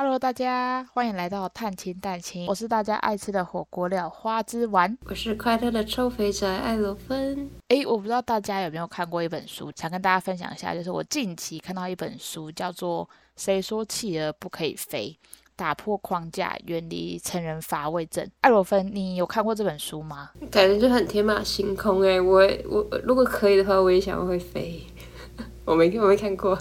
Hello，大家歡迎來到探親探清。我是大家愛吃的火鍋料花枝丸，我是快樂的臭肥宅艾羅芬。哎，我不知道大家有沒有看過一本書，想跟大家分享一下，就是我近期看到一本書，叫做《誰說企鵝不可以飛》，打破框架，遠離成人乏味症。艾羅芬，你有看過這本書嗎？感覺就很天馬行空哎、欸，我我如果可以的話，我也想會飛。 我沒我沒看過。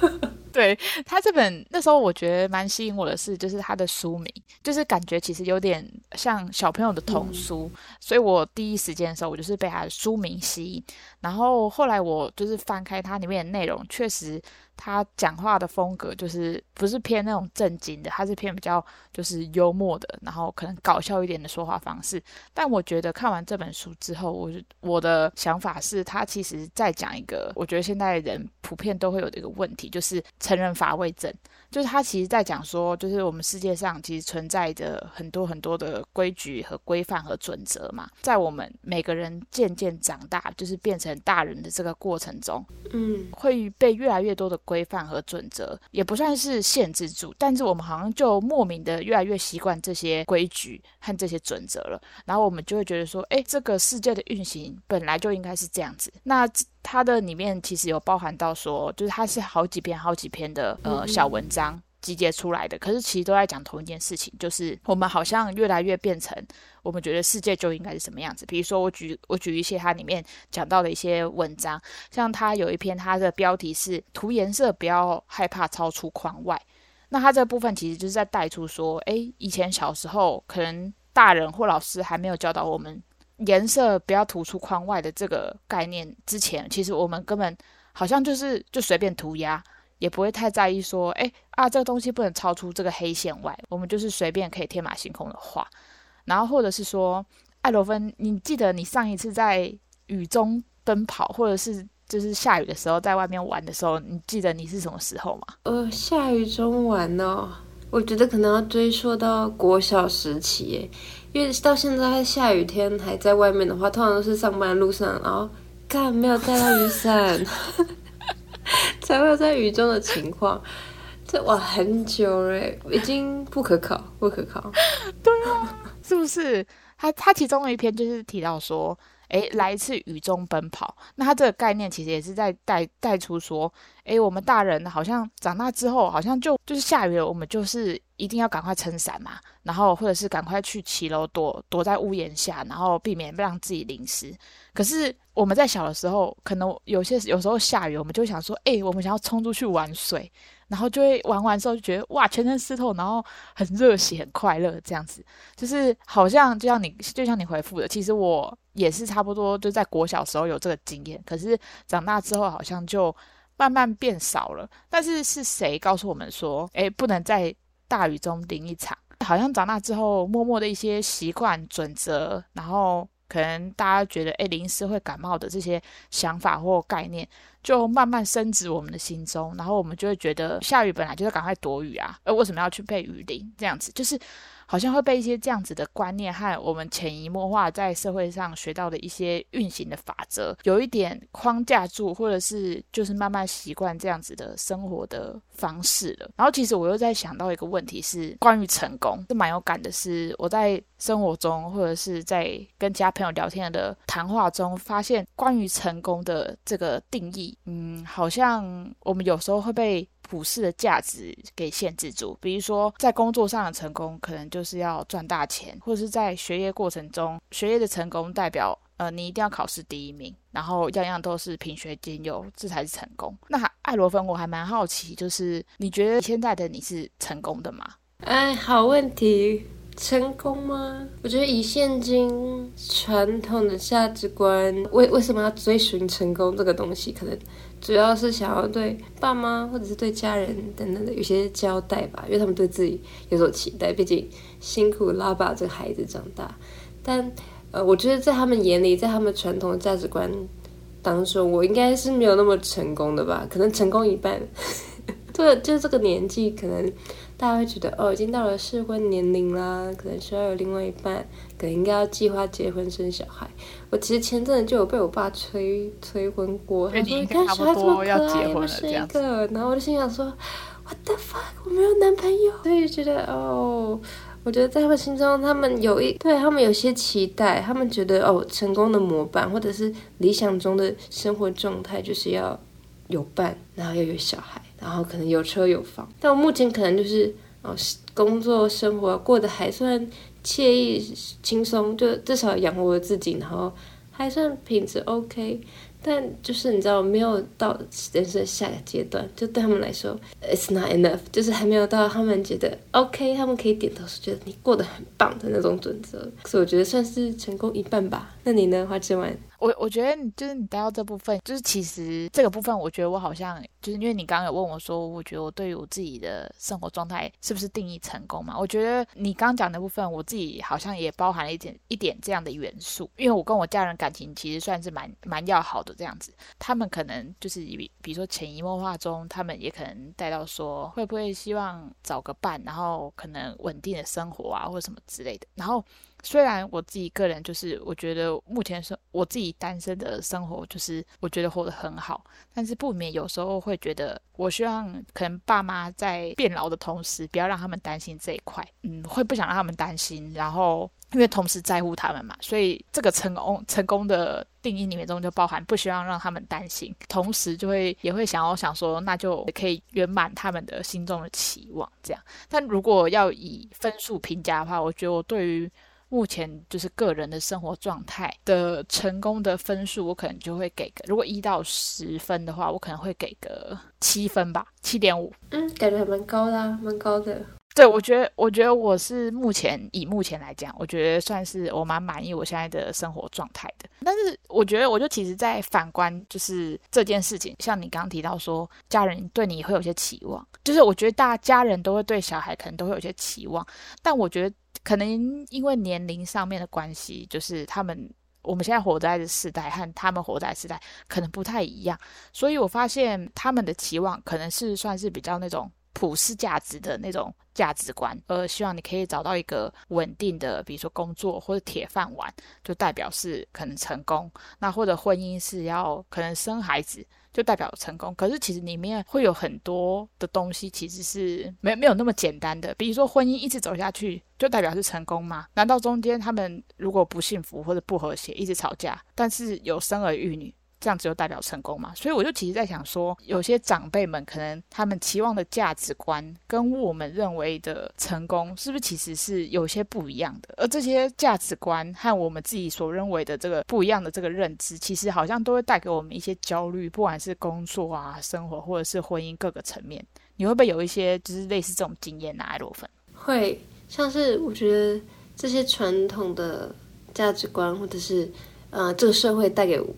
對他這本那時候，我覺得蠻吸引我的是，就是他的書名，就是感覺其實有點像小朋友的童書，嗯、所以我第一時間的時候，我就是被他的書名吸引，然後後來我就是翻開它裡面的內容，確實。他講話的風格就是不是偏那種正經的，他是偏比較就是幽默的，然後可能搞笑一點的說話方式。但我覺得看完這本書之後，我我的想法是他其實在講一個我覺得現在人普遍都會有的一個問題，就是成人乏味症。就是他其實，在講說，就是我們世界上其實存在着很多很多的規矩和規範和準則嘛，在我們每個人漸漸長大，就是變成大人的這個過程中，嗯，會被越來越多的。規範和準則也不算是限制住，但是我們好像就莫名的越來越習慣這些規矩和這些準則了。然後我們就會覺得說，誒、欸，這個世界的運行本來就應該是這樣子。那它的裡面其實有包含到說，就是它是好幾篇、好幾篇的呃小文章。集結出來的，可是，其實都在講同一件事情，就是我們好像越來越變成我們覺得世界就應該是什麼樣子。比如說，我舉我舉一些他裡面講到的一些文章，像他有一篇，他的標題是“塗顏色不要害怕超出框外”。那他這部分其實就是在帶出說，哎，以前小時候可能大人或老師還沒有教導我們顏色不要塗出框外的這個概念之前，其實我們根本好像就是就隨便塗鴉。也不會太在意說，哎啊，這個東西不能超出這個黑線外，我們就是隨便可以天馬行空的畫。然後或者是說，愛羅芬，你記得你上一次在雨中奔跑，或者是就是下雨的時候在外面玩的時候，你記得你是什麼時候嗎？呃，下雨中玩哦，我覺得可能要追溯到國小時期，因為到現在下雨天還在外面的話，通常都是上班路上，然後看沒有帶到雨傘。 才會在雨中的情況，這哇，很久了，已經不可考，不可考。對啊，是不是？他他其中一篇就是提到說，哎，來一次雨中奔跑。那他這個概念，其實也是在帶帶出說，哎，我們大人好像長大之後，好像就就是下雨了，我們就是。一定要趕快撐傘嘛，然後或者是趕快去騎樓躲，躲在屋檐下，然後避免讓自己淋濕。可是我們在小的時候，可能有些有時候下雨，我們就想說，哎、欸，我們想要衝出去玩水，然後就會玩完之後就覺得哇，全身濕透，然後很熱血、很快樂這樣子。就是好像就像你就像你回復的，其實我也是差不多，就在國小時候有這個經驗。可是長大之後好像就慢慢變少了。但是是誰告訴我們說，哎、欸，不能再大雨中淋一場，好像長大之後，默默的，一些習慣準則，然後可能大家覺得，哎、欸，淋濕會感冒的這些想法或概念，就慢慢深植我們的心中，然後我們就會覺得，下雨本來就是趕快躲雨啊，而、欸、為什麼要去被雨淋？這樣子，就是。好像會被一些這樣子的觀念和我們潛移默化在社會上學到的一些運行的法則，有一點框架住，或者是就是慢慢習慣這樣子的生活的方式了。然後其實我又在想到一個問題，是關於成功，是蠻有感的。是我在生活中，或者是在跟其他朋友聊天的談話中，發現關於成功的這個定義，嗯，好像我們有時候會被。普世的價值給限制住，比如說在工作上的成功，可能就是要賺大錢，或者是在學業過程中，學業的成功代表，呃，你一定要考試第一名，然後樣樣都是品學兼優，這才是成功。那愛羅芬，我還蠻好奇，就是你覺得現在的你是成功的嗎？哎，好問題，成功嗎？我覺得以現今傳統的價值觀，為為什麼要追尋成功這個東西，可能。主要是想要對爸媽或者是對家人等等的有些交代吧，因為他們對自己有所期待，畢竟辛苦拉拔這個孩子長大。但呃，我覺得在他們眼裡，在他們傳統的價值觀當中，我應該是沒有那麼成功的吧，可能成功一半。就就這個年紀，可能大家會覺得哦，已經到了適婚年齡啦，可能需要有另外一半，可能應該要計劃結婚生小孩。我其實前陣子就有被我爸催催婚過，他說：“你看小孩這麼可愛，要生一個。”然後我就心想說：“What the fuck? 我沒有男朋友。”所以覺得哦，我覺得在他們心中，他們有一，對，他們有些期待，他們覺得哦，成功的模板或者是理想中的生活狀態，就是要有伴，然後要有小孩。然後可能有車有房，但我目前可能就是，哦，工作生活過得還算愜意輕鬆，就至少養活我自己，然後還算品質 OK，但就是你知道沒有到人生下一個階段，就對他們來說，it's not enough，就是還沒有到他們覺得 OK，他們可以點頭說覺得你過得很棒的那種準則，所以我覺得算是成功一半吧。那你呢，花枝丸？我我覺得你，就是你帶到這部分，就是其實這個部分，我覺得我好像就是因為你剛剛有問我說，說我覺得我對於我自己的生活狀態是不是定義成功嘛？我覺得你剛講的部分，我自己好像也包含了一點一點這樣的元素，因為我跟我家人感情其實算是蠻蠻要好的這樣子，他們可能就是比比如說潛移默化中，他們也可能帶到說，會不會希望找個伴，然後可能穩定的生活啊，或者什麼之類的，然後。雖然我自己個人就是，我覺得目前是我自己單身的生活，就是我覺得活得很好，但是不免有時候會覺得，我希望可能爸媽在變老的同時，不要讓他們擔心這一塊，嗯，會不想讓他們擔心，然後因為同時在乎他們嘛，所以這個成功成功的定義裡面中就包含不希望讓他們擔心，同時就會也會想要想說，那就可以圓滿他們的心中的期望這樣。但如果要以分數評價的話，我覺得我對於目前就是個人的生活狀態的成功的分數，我可能就會給個，如果一到十分的話，我可能會給個七分吧，七點五。嗯，感覺還蠻高的，蠻高的。對，我覺得，我覺得我是目前以目前來講，我覺得算是我蠻滿意我現在的生活狀態的。但是，我覺得，我就其實在反觀就是這件事情，像你剛剛提到說，家人對你會有些期望，就是我覺得大家家人都會對小孩可能都會有些期望，但我覺得。可能因為年齡上面的關係，就是他們我們現在活在的世代和他們活在的世代可能不太一樣，所以我發現他們的期望可能是算是比較那種普世價值的那種價值觀，呃，希望你可以找到一個穩定的，比如說工作或者鐵飯碗，就代表是可能成功，那或者婚姻是要可能生孩子。就代表成功，可是其實裡面會有很多的東西，其實是沒有沒有那麼簡單的。比如說婚姻一直走下去，就代表是成功嗎？難道中間他們如果不幸福或者不和諧，一直吵架，但是有生兒育女？這樣子就代表成功嘛？所以我就其實在想說，有些長輩們可能他們期望的價值觀跟我們認為的成功，是不是其實是有些不一樣的？而這些價值觀和我們自己所認為的這個不一樣的這個認知，其實好像都會帶給我們一些焦慮，不管是工作啊、生活，或者是婚姻各個層面，你會不會有一些就是類似這種經驗呢、啊？愛羅芬會，像是我覺得這些傳統的價值觀，或者是呃這個社會帶給我。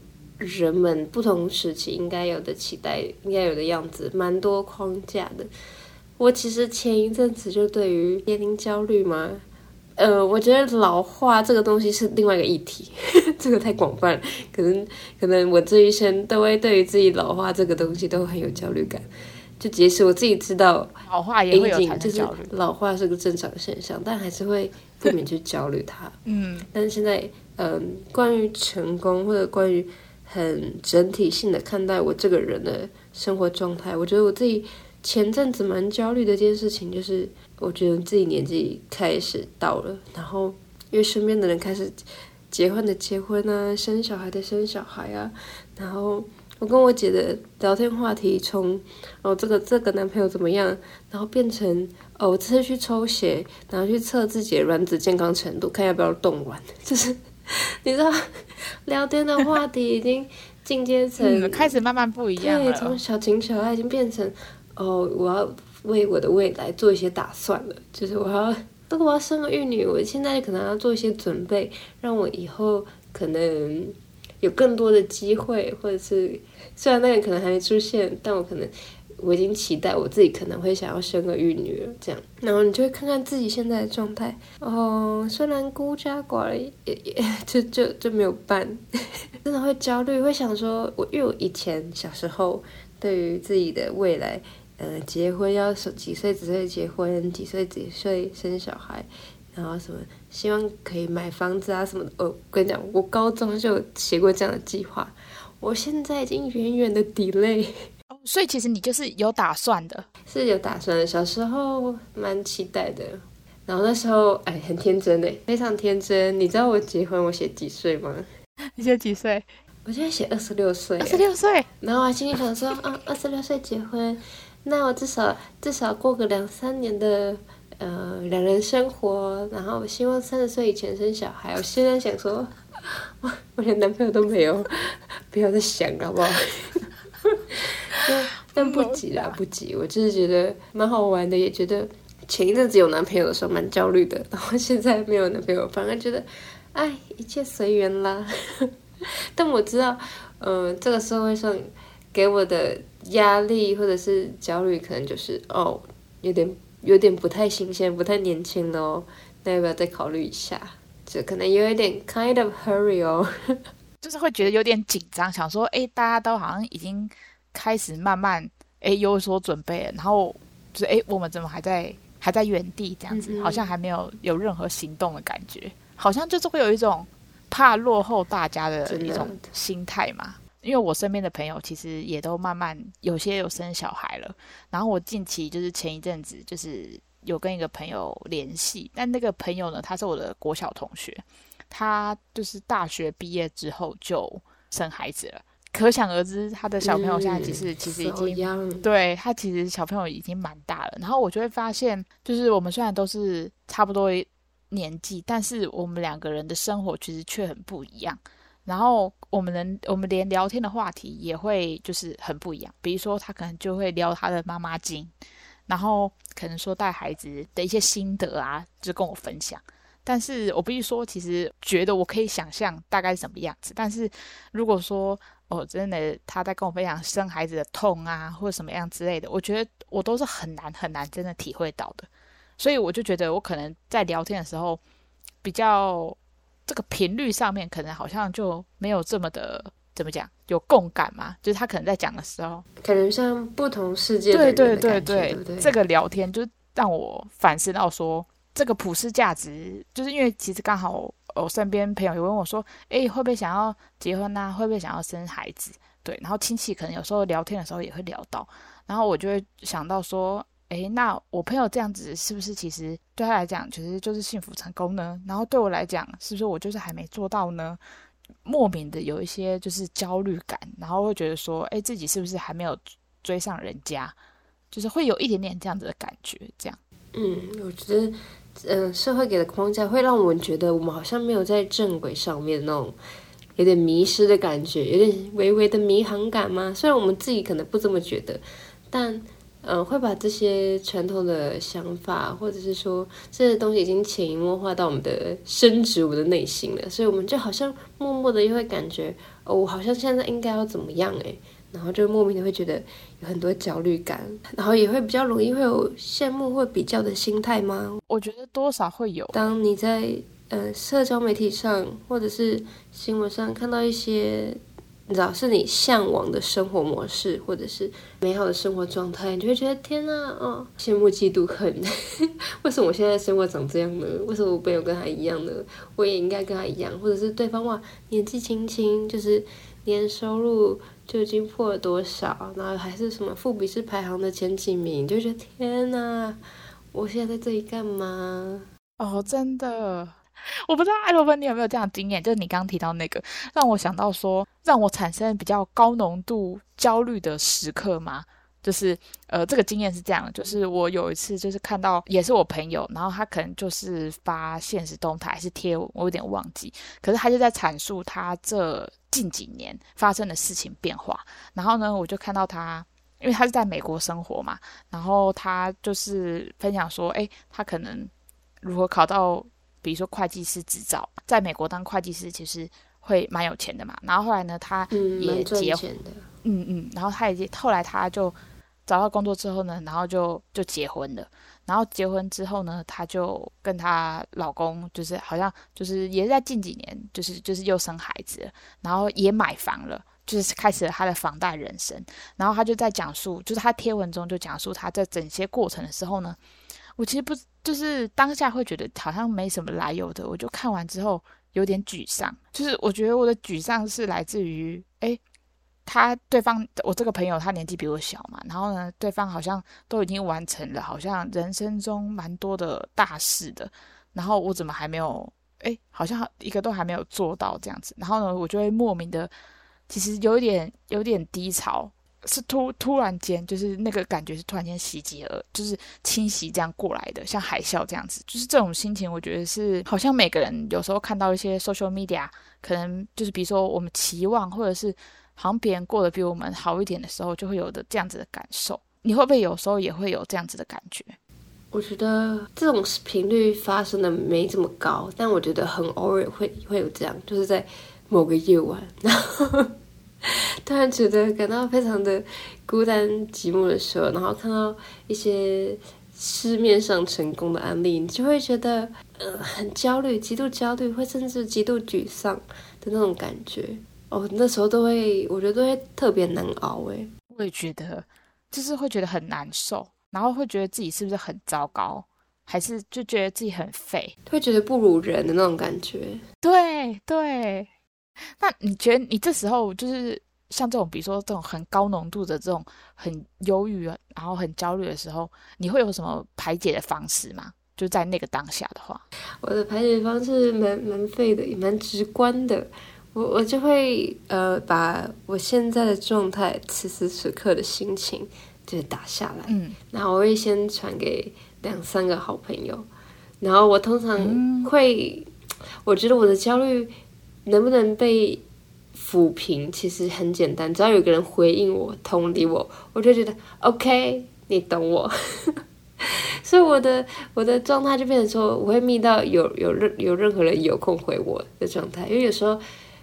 人們不同時期應該有的期待，應該有的樣子，蠻多框架的。我其實前一陣子就對於年齡焦慮嘛，呃，我覺得老化這個東西是另外一個議題，呵呵，這個太廣泛，可能可能我這一生都會對於自己老化這個東西都很有焦慮感。就即使我自己知道 aging, 老化也會有就是老化是個正常現象，但還是會不免去焦慮它。 嗯，但是現在，嗯、呃，關於成功或者關於。很整體性的看待我這個人的生活狀態，我覺得我自己前陣子蠻焦慮的一件事情，就是我覺得自己年紀開始到了，然後因為身邊的人開始結婚的結婚啊，生小孩的生小孩啊，然後我跟我姐的聊天話題從哦這個這個男朋友怎麼樣，然後變成哦我這次去抽血，然後去測自己的卵子健康程度，看要不要凍卵，就是。 你知道，聊天的話題已經進階成、嗯、開始慢慢不一樣了。對，從小情小愛已經變成，哦，我要為我的未來做一些打算了。就是我要，如果我要生兒育女，我現在可能要做一些準備，讓我以後可能有更多的機會，或者是雖然那個可能還沒出現，但我可能。我已經期待我自己可能會想要生兒育女了，這樣，然後你就會看看自己現在的狀態，然後，哦，雖然孤家寡人，也也，也就就就沒有伴， 真的會焦慮，會想說，我因為我以前小時候對於自己的未來，呃，結婚要幾歲幾歲結婚，幾歲幾歲生小孩，然後什麼希望可以買房子啊什麼的，哦，跟你講，我高中就寫過這樣的計劃，我現在已經遠遠的 delay。所以其實你就是有打算的，是有打算的。小時候蠻期待的，然後那時候哎，很天真的，非常天真。你知道我結婚我寫幾歲嗎？你寫幾歲？我現在寫二十六歲。二十六歲。然後我心裡想說，啊二十六歲結婚， 那我至少至少過個兩三年的呃兩人生活，然後我希望三十歲以前生小孩。我現在想說，我我連男朋友都沒有，不要再想了， 好不好？但，但不急啦， 不急。我就是覺得蠻好玩的，也覺得前一陣子有男朋友的時候蠻焦慮的。然後現在沒有男朋友，反而覺得，哎，一切隨緣啦。 但我知道，嗯、呃，這個社會上給我的壓力或者是焦慮，可能就是哦，有點有點不太新鮮，不太年輕了哦。那要不要再考慮一下？就可能有一點 kind of hurry 哦， 就是會覺得有點緊張，想說，哎，大家都好像已經。開始慢慢哎，有所準備了，然後就是哎，我們怎麼還在還在原地這樣子，好像還沒有有任何行動的感覺，好像就是會有一種怕落後大家的一種心態嘛。因為我身邊的朋友其實也都慢慢有些有生小孩了，然後我近期就是前一陣子就是有跟一個朋友聯繫，但那個朋友呢，他是我的國小同學，他就是大學畢業之後就生孩子了。可想而知，他的小朋友現在其實、嗯、其實已經樣對他其實小朋友已經蠻大了。然後我就會發現，就是我們雖然都是差不多年紀，但是我們兩個人的生活其實卻很不一樣。然後我們能，我們連聊天的話題也會就是很不一樣。比如說，他可能就會聊他的媽媽經，然後可能說帶孩子的一些心得啊，就跟我分享。但是我不是說，其實覺得我可以想象大概是什麼樣子。但是如果說哦，真的他在跟我分享生孩子的痛啊，或者什麼樣之類的，我覺得我都是很難很難真的體會到的。所以我就覺得我可能在聊天的時候，比較這個頻率上面，可能好像就沒有這麼的怎麼講有共感嘛。就是他可能在講的時候，可能像不同世界的人的感覺，對對對對，對對，這個聊天就讓我反思到說。這個普世價值，就是因為其實剛好我，我身邊朋友有問我說：“哎，會不會想要結婚呢、啊？會不會想要生孩子？”對，然後親戚可能有時候聊天的時候也會聊到，然後我就會想到說：“哎，那我朋友這樣子是不是其實對他來講其實、就是、就是幸福成功呢？然後對我來講，是不是我就是還沒做到呢？”莫名的有一些就是焦慮感，然後會覺得說：“哎，自己是不是還沒有追上人家？”就是會有一點點這樣子的感覺，這樣。嗯，我覺得。嗯，社會給的框架會讓我們覺得我們好像沒有在正軌上面，那種有點迷失的感覺，有點微微的迷航感嗎？雖然我們自己可能不這麼覺得，但嗯，會把這些傳統的想法，或者是說這些、個、東西已經潛移默化到我們的深植、我們的內心了，所以，我們就好像默默的又會感覺，哦，我好像現在應該要怎麼樣、欸？哎。然後就莫名的會覺得有很多焦慮感，然後也會比較容易會有羨慕或比較的心態嗎？我覺得多少會有。當你在呃社交媒體上或者是新聞上看到一些，你知道是你向往的生活模式或者是美好的生活狀態，你就會覺得天哪，哦，羨慕嫉妒恨。 為什麼我現在生活長這樣呢？為什麼我沒有跟他一樣呢？我也應該跟他一樣，或者是對方哇年紀輕輕就是年收入。就已經破了多少，然後還是什麼富比士排行的前幾名，就覺得天吶，我現在在這裡幹嘛？哦，真的，我不知道艾羅芬，you，你有沒有這樣的經驗？就是你剛，剛提到那個，讓我想到說，讓我產生比較高濃度焦慮的時刻嗎？就是呃，這個經驗是這樣的，就是我有一次就是看到也是我朋友，然後他可能就是發現實動態還是貼，我有點忘記。可是他就在闡述他這近幾年發生的事情變化。然後呢，我就看到他，因為他是在美國生活嘛，然後他就是分享說，誒，他可能如何考到，比如說會計師執照，在美國當會計師其實會蠻有錢的嘛。然後後來呢，他也結婚，嗯嗯，嗯，然後他也後來他就。找到工作之後呢，然後就就結婚了。然後結婚之後呢，她就跟她老公，就是好像就是也是在近幾年，就是就是又生孩子了，然後也買房了，就是開始了她的房貸人生。然後她就在講述，就是她貼文中就講述她這整些過程的時候呢，我其實不就是當下會覺得好像沒什麼來由的，我就看完之後有點沮喪。就是我覺得我的沮喪是來自於，哎。他對方，我這個朋友，他年紀比我小嘛，然後呢，對方好像都已經完成了，好像人生中蠻多的大事的，然後我怎麼還沒有？哎，好像一個都還沒有做到這樣子，然後呢，我就會莫名的，其實有一點有點低潮，是突突然間，就是那個感覺是突然間襲擊了，就是侵襲這樣過來的，像海嘯這樣子，就是這種心情，我覺得是好像每個人有時候看到一些 social media，可能就是比如說我們期望或者是。好像別人過得比我們好一點的時候，就會有的這樣子的感受。你會不會有時候也會有這樣子的感覺？我覺得這種頻率發生的沒這麼高，但我覺得很偶爾會會有這樣，就是在某個夜晚，然後呵呵突然覺得感到非常的孤單寂寞的時候，然後看到一些市面上成功的案例，你就會覺得呃很焦慮、極度焦慮，或甚至極度沮喪的那種感覺。哦，oh, 那時候都會，我覺得都會特別難熬哎。我也覺得，就是會覺得很難受，然後會覺得自己是不是很糟糕，還是就覺得自己很廢，會覺得不如人的那種感覺。對對，那你覺得你這時候就是像這種，比如說這種很高濃度的這種很憂鬱，然後很焦慮的時候，你會有什麼排解的方式嗎？就在那個當下的話，我的排解方式蠻蠻廢的，也蠻直觀的。我，我就會呃，把我現在的狀態、此時此刻的心情，就打下來。嗯，然後我會先傳給兩三個好朋友，然後我通常會，嗯、我覺得我的焦慮能不能被撫平，其實很簡單，只要有個人回應我、同理我，我就覺得 OK，你懂我。 所以我的我的狀態就變成說，我會密到有有任有任何人有空回我的狀態，因為有時候。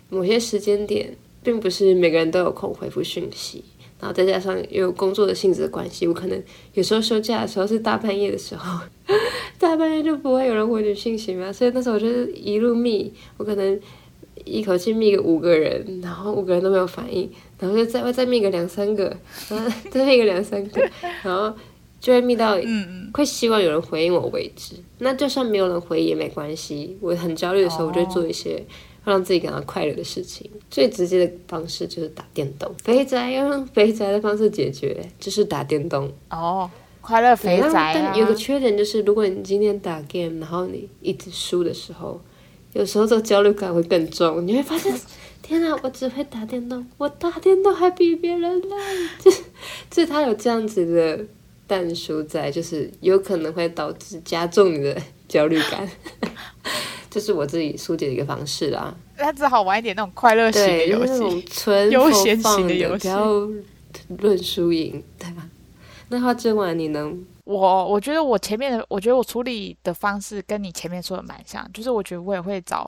某些時間點，並不是每個人都有空回復訊息，然後再加上有工作的性質的關係，我可能有時候休假的時候是大半夜的時候， 大半夜就不會有人回你訊息嘛，所以那時候我就是一路密，我可能一口氣密個五個人，然後五個人都沒有反應，然後就再再會再密個兩三個，再再密個兩三個， 然後就會密到快希望有人回應我為止。那就算沒有人回應也沒關係，我很焦慮的時候，我就做一些。讓自己感到快樂的事情，最直接的方式就是打電動。肥宅要用肥宅的方式解決，就是打電動。哦，oh, 快樂肥宅、啊。但有個缺點就是，如果你今天打 game，然後你一直輸的時候，有時候這個焦慮感會更重。你會發現， 天哪、啊，我只會打電動，我打電動還比別人累、啊。就是就是他有這樣子的但輸在就是有可能會導致加重你的焦慮感。 就是我自己疏解的一個方式啦，那只好玩一點那種快樂型的遊戲，那純悠閒型的遊戲，然後論輸贏，對吧？那他今晚你呢？我我覺得我前面的，我覺得我處理的方式跟你前面說的蠻像，就是我覺得我也會找。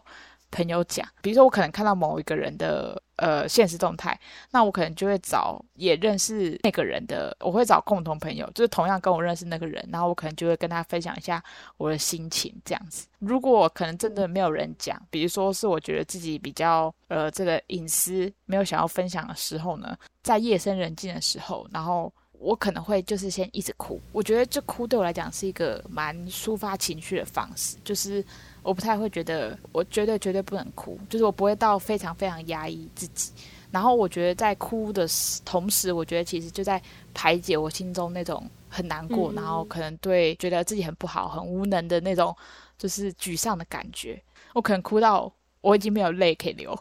朋友講，比如說我可能看到某一個人的呃現實動態，那我可能就會找也認識那個人的，我會找共同朋友，就是同樣跟我認識那個人，然後我可能就會跟他分享一下我的心情，這樣子。如果可能真的沒有人講，比如說是我覺得自己比較呃這個隱私沒有想要分享的時候呢，在夜深人靜的時候，然後我可能會就是先一直哭。我覺得這哭對我來講是一個蠻抒發情緒的方式，就是。我不太會覺得，我絕對絕對不能哭，就是我不會到非常非常壓抑自己。然後我覺得在哭的時同時，我覺得其實就在排解我心中那種很難過，嗯、哼然後可能對覺得自己很不好、很無能的那種，就是沮喪的感覺。我可能哭到。我已經沒有淚可以流，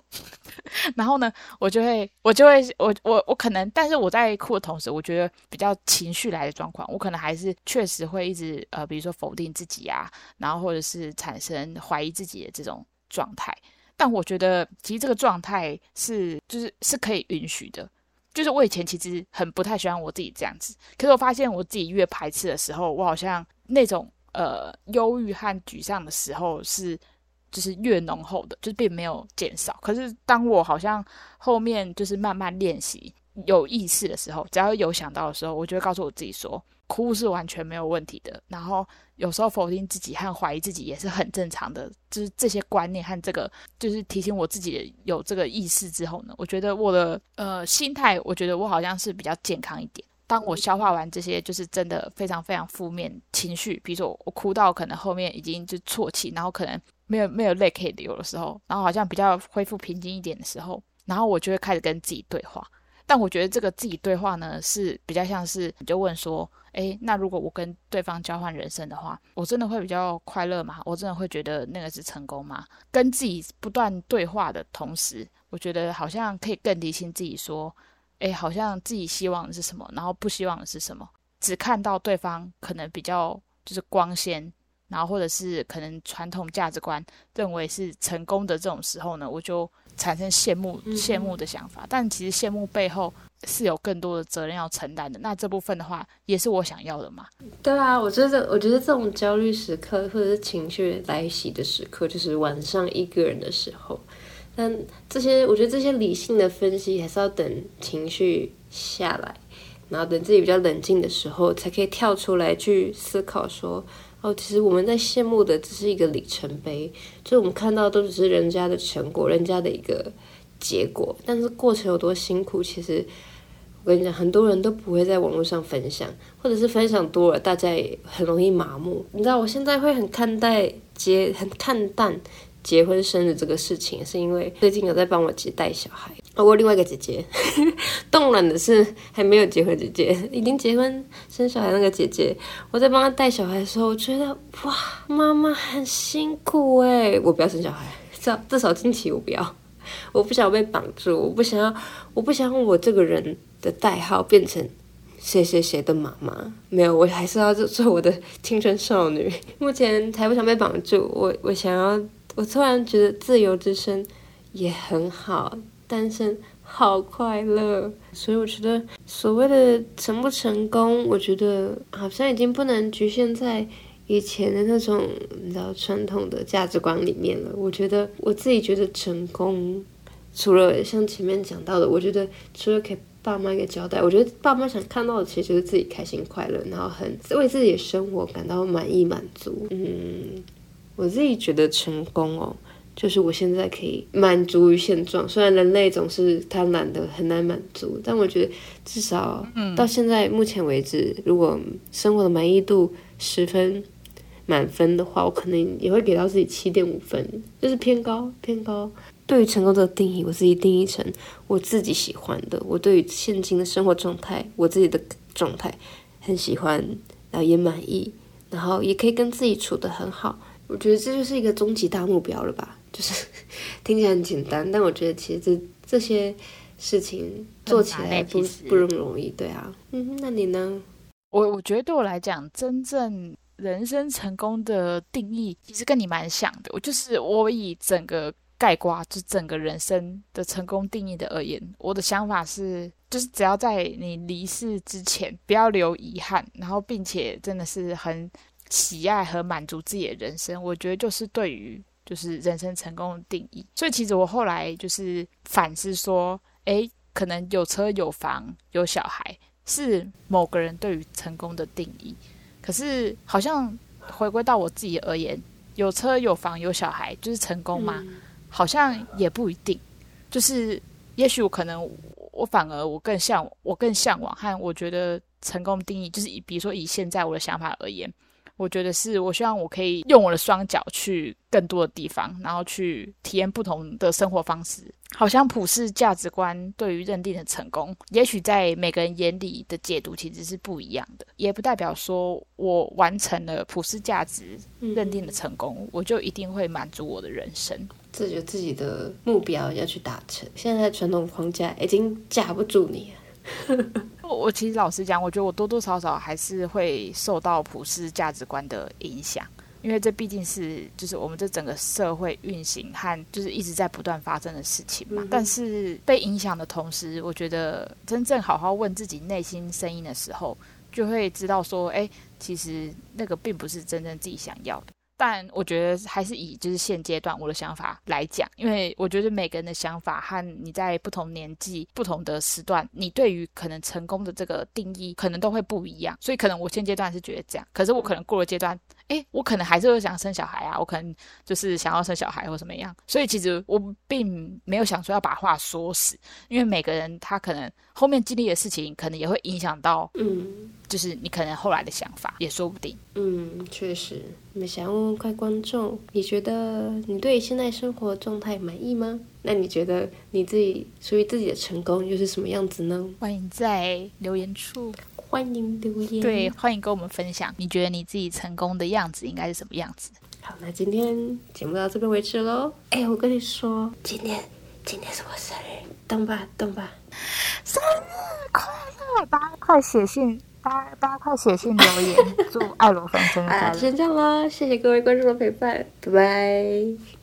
然後呢，我就會，我就會，我我我可能，但是我在哭的同時，我覺得比較情緒來的狀況，我可能還是確實會一直呃，比如說否定自己啊，然後或者是產生懷疑自己的這種狀態。但我覺得其實這個狀態是就是是可以允許的，就是我以前其實很不太喜歡我自己這樣子，可是我發現我自己越排斥的時候，我好像那種呃憂鬱和沮喪的時候是。就是越濃厚的，就是並沒有減少。可是當我好像後面就是慢慢練習有意識的時候，只要有想到的時候，我就會告訴我自己說，哭是完全沒有問題的。然後有時候否定自己和懷疑自己也是很正常的。就是這些觀念和這個，就是提醒我自己有這個意識之後呢，我覺得我的呃心態，我覺得我好像是比較健康一點。當我消化完這些，就是真的非常非常負面情緒，比如說我哭到可能後面已經就啜泣，然後可能。沒有沒有淚可以流的時候，然後好像比較恢復平靜一點的時候，然後我就會開始跟自己對話。但我覺得這個自己對話呢，是比較像是你就問說：哎，那如果我跟對方交換人生的話，我真的會比較快樂嗎？我真的會覺得那個是成功嗎？跟自己不斷對話的同時，我覺得好像可以更理清自己說：哎，好像自己希望的是什麼，然後不希望的是什麼。只看到對方可能比較就是光鮮。然後，或者是可能傳統價值觀認為是成功的這種時候呢，我就產生羨慕、嗯嗯羨慕的想法。但其實羨慕背後是有更多的責任要承擔的。那這部分的話，也是我想要的嘛？對啊，我覺得，我覺得這種焦慮時刻或者是情緒來襲的時刻，就是晚上一個人的時候。但這些，我覺得這些理性的分析，還是要等情緒下來，然後等自己比較冷靜的時候，才可以跳出來去思考說。哦，其實我們在羨慕的只是一個里程碑，就我們看到的都只是人家的成果，人家的一個結果。但是過程有多辛苦，其實我跟你講，很多人都不會在網絡上分享，或者是分享多了，大家也很容易麻木。你知道，我現在會很看待結很看淡結婚生子這個事情，是因為最近有在幫我姐帶小孩。我另外一個姐姐，呵呵動軟的是還沒有結婚，姐姐已經結婚生小孩的那個姐姐，我在幫她帶小孩的時候，我覺得哇，媽媽很辛苦哎，我不要生小孩，至少至少近期我不要，我不想被綁住，我不想要，我不想我這個人的代號變成誰誰誰的媽媽，沒有，我還是要做做我的青春少女。目前才不想被綁住，我我想要，我突然覺得自由之身也很好。單身好快樂，所以我覺得所謂的成不成功，我覺得好像已經不能局限在以前的那種你知道傳統的價值觀裡面了。我覺得我自己覺得成功，除了像前面講到的，我覺得除了給爸媽一個交代，我覺得爸媽想看到的其實就是自己開心快樂，然後很為自己的生活感到滿意滿足。嗯，我自己覺得成功哦。就是我現在可以滿足於現狀，雖然人類總是貪婪的，很難滿足，但我覺得至少到現在目前為止，如果生活的滿意度十分滿分的話，我可能也會給到自己七點五分，就是偏高偏高。對於成功的定義，我自己定義成我自己喜歡的，我對於現今的生活狀態，我自己的狀態很喜歡，然後也滿意，然後也可以跟自己處得很好，我覺得這就是一個終極大目標了吧。就是聽起來很簡單，但我覺得其實這這些事情做起來不不容易，對啊。嗯，那你呢？我我覺得對我來講，真正人生成功的定義，其實跟你蠻像的。我就是我以整個蓋棺，就整個人生的成功定義的而言，我的想法是，就是只要在你離世之前不要留遺憾，然後並且真的是很喜愛和滿足自己的人生，我覺得就是對於。就是人生成功的定義，所以其實我後來就是反思說，哎，可能有車有房有小孩是某個人對於成功的定義，可是好像回歸到我自己而言，有車有房有小孩就是成功嗎？嗯、好像也不一定。就是，也許我可能我，我反而我更向我更向往和我覺得成功定義就是以比如說以現在我的想法而言。我覺得是，我希望我可以用我的雙腳去更多的地方，然後去體驗不同的生活方式。好像普世價值觀對於認定的成功，也許在每個人眼裡的解讀其實是不一樣的，也不代表說我完成了普世價值認定的成功，嗯、哼我就一定會滿足我的人生，自覺自己的目標要去達成。現在傳統框架已經架不住你了。 我其實老實講，我覺得我多多少少還是會受到普世價值觀的影響，因為這畢竟是就是我們這整個社會運行和就是一直在不斷發生的事情嘛。嗯、哼但是被影響的同時，我覺得真正好好問自己內心聲音的時候，就會知道說，哎，其實那個並不是真正自己想要的。但我覺得還是以就是現階段我的想法來講，因為我覺得每個人的想法和你在不同年紀、不同的時段，你對於可能成功的這個定義可能都會不一樣。所以可能我現階段是覺得這樣，可是我可能過了階段。誒，我可能還是會想生小孩啊，我可能就是想要生小孩或什麼樣，所以其實我並沒有想說要把話說死，因為每個人他可能後面經歷的事情，可能也會影響到，嗯，就是你可能後來的想法、嗯、也說不定。嗯，確實。你們想問問看觀眾，你覺得你對現在生活狀態滿意嗎？那你覺得你自己屬於自己的成功又是什麼樣子呢？歡迎在留言處。歡迎留言，對，歡迎跟我們分享，你覺得你自己成功的樣子應該是什麼樣子？好，那今天節目到這邊為止嘍。哎，我跟你說，今天今天是我生日，懂吧，懂吧？生日快樂，八快寫信，八八快寫信留言， 祝愛羅芬生日、 啊。先這樣啦，謝謝各位觀眾的陪伴，拜拜。